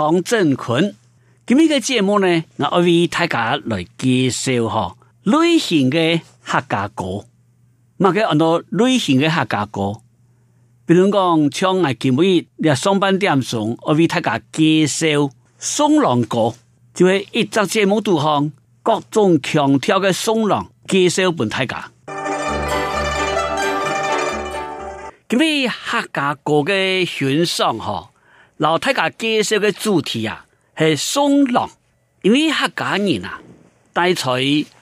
黨政權，今呢個節目呢，讓我為大家來介紹哈類型嘅客家歌。咁啊，到類型嘅客家歌，比如講唱係結尾，你係雙班點送，我為大家介紹送郎歌，就係一集節目度講各種腔調嘅送郎介紹俾大家。今呢客家歌嘅欣賞哈。老太家介紹的主題啊，是“送郎，因為客家人啊，帶出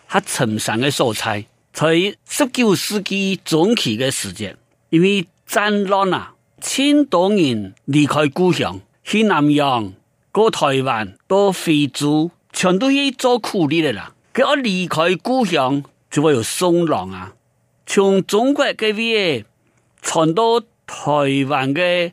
客陳山的素材，在十九世紀中期的時間，因為戰亂啊，千多人離開故鄉去南洋、過台灣、到非洲，全都去做苦力的啦。佢一離開故鄉就會有送郎啊，從中國這邊傳到台灣的。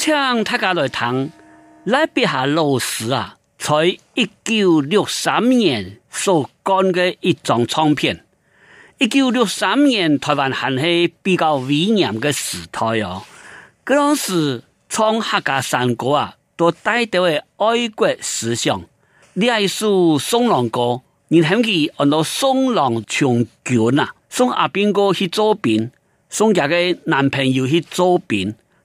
唱他家來聽，賴碧霞老師啊，在一九六三年所乾的一張唱片。一九六三年台灣還是比較威嚴嘅時代哦，嗰陣是唱客家山歌啊，都帶啲嘅愛國思想。你愛一首《送郎歌》，你肯記我攞送郎上橋呢？送阿兵哥去作兵，送家嘅男朋友去作兵。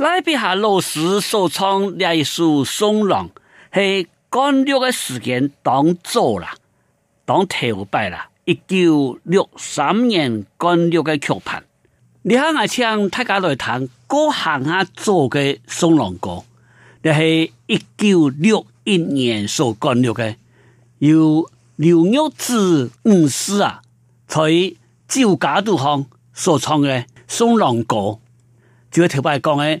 賴碧霞老師所唱那一首《是送郎》，係灌錄嘅時間當做啦，當頭擺啦。一九六三年灌錄嘅曲盤，你聽我唱，大家來談，歌行下、啊、做嘅《送郎歌》，係一九六一年所灌錄嘅，由劉玉智女士啊，在酒家度方所唱嘅《送郎歌》，就係頭擺講嘅。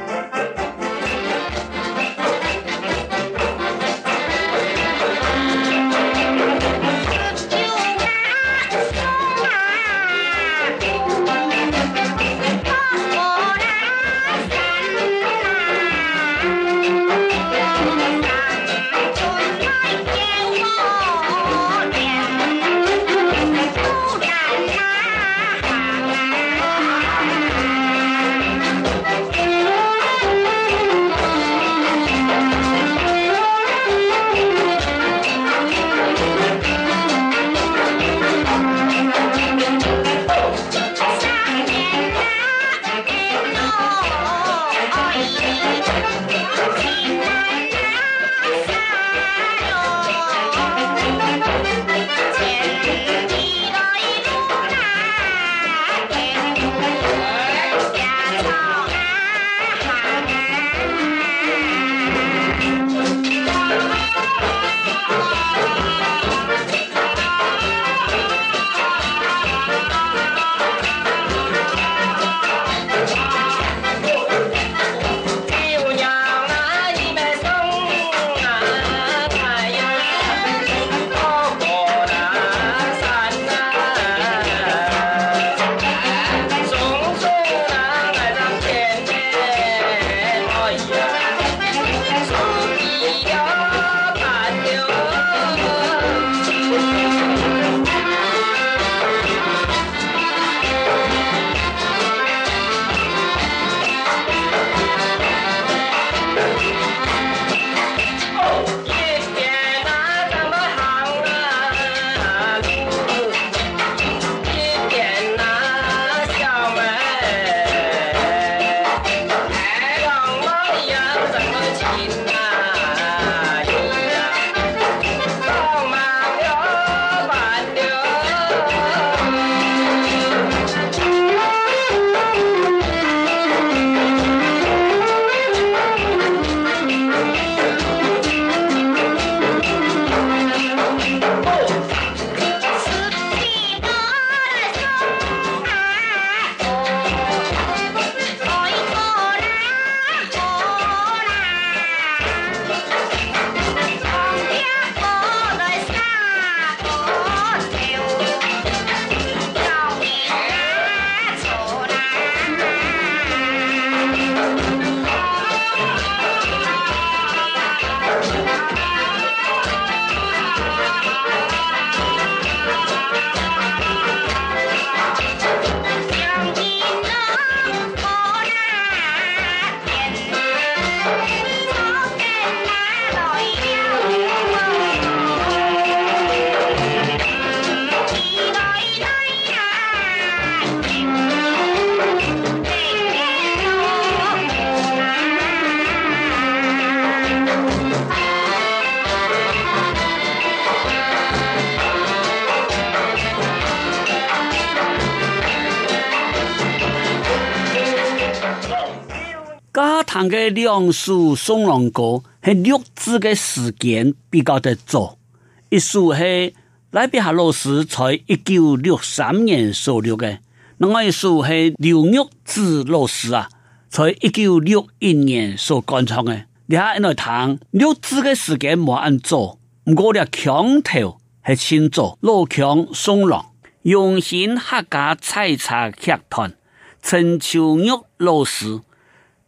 談嘅兩首送郎歌，係錄製嘅時間比較得早。一首是賴碧霞老師，在一九六三年所錄的；另外一首是劉玉枝老師啊，在一九六一年所灌唱的。你還應該談錄製嘅時間冇按做，不過腔調係清楚，老腔送郎，榮興客家採茶劇團陳秋玉老師。